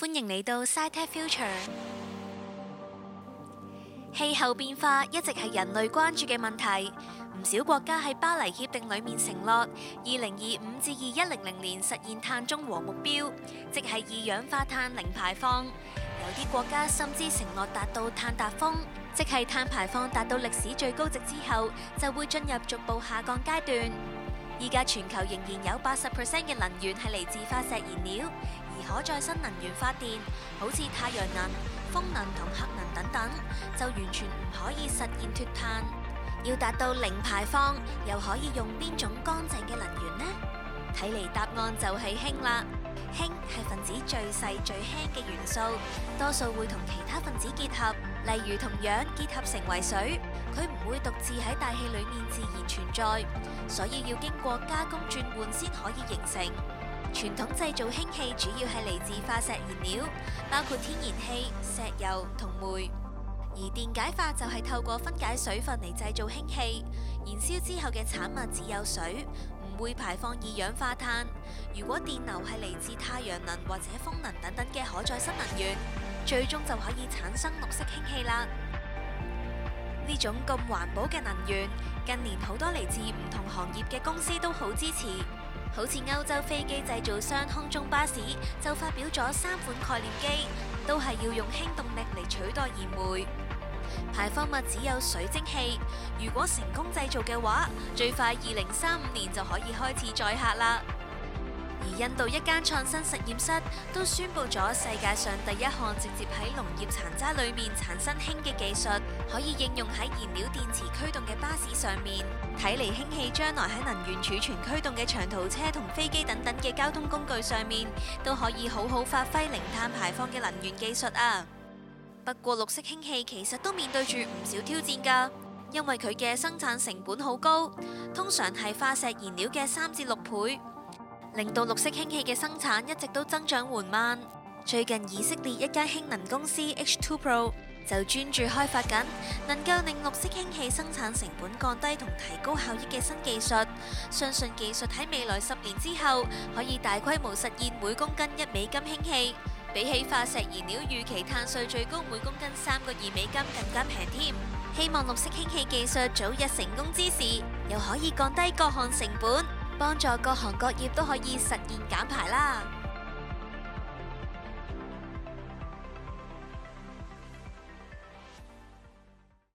歡迎嚟到 SciTech Future。氣候變化一直係人類關注嘅問題，唔少國家喺巴黎協定裏面承諾，二零五零至二一零零年實現碳中和目標，即係二氧化碳零排放。有啲國家甚至承諾達到碳達峰，即係碳排放達到歷史最高值之後，就會進入逐步下降階段。而家全球仍然有八十 percent 嘅能源係嚟自化石燃料，而可再生能源發電，好似太陽能、風能同核能等等，就完全唔可以實現脫碳。要達到零排放，又可以用邊種乾淨嘅能源呢？睇嚟答案就係氫啦。氫係分子最細最輕嘅元素，多數會同其他分子結合，例如同氧結合成為水。佢唔會獨自喺大氣裏面自然存在。所以要經過加工轉換先可以形成。傳統製造氫氣主要係嚟自化石燃料，包括天然氣、石油同煤。而電解化就係透過分解水分嚟製造氫氣，燃燒之後嘅產物只有水，唔會排放二氧化碳。如果電流係嚟自太陽能或者風能等等嘅可再生能源，最終就可以產生綠色氫氣啦。呢種咁環保嘅能源，近年好多嚟自唔同行業嘅公司都好支持，好似歐洲飛機製造商空中巴士就發表咗三款概念機，都係要用氫動力嚟取代燃煤，排放物只有水蒸氣。如果成功製造嘅話，最快二零三五年就可以開始載客啦。而印度一間創新實驗室都宣布咗世界上第一項直接喺農業殘渣裏面產生氫嘅技術，可以應用喺燃料電池驅動嘅巴士上面。睇嚟，氫氣將來喺能源儲存驅動嘅長途車同飛機等等嘅交通工具上面都可以好好發揮零碳排放嘅能源技術啊！不過綠色氫氣其實都面對住唔少挑戰㗎，因為佢嘅生產成本好高，通常係化石燃料嘅三至六倍。令到綠色氫氣嘅生產一直都增長緩慢。最近以色列一間氫能公司 H2Pro 就專注開發緊能夠令綠色氫氣生產成本降低同提高效益嘅新技術。相信技術喺未來十年之後可以大規模實現每公斤一美金氫氣，比起化石燃料預期碳稅最高每公斤三個二美金更加平添。希望綠色氫氣技術早日成功之時，又可以降低各項成本。幫助各行各業都可以實現減排啦！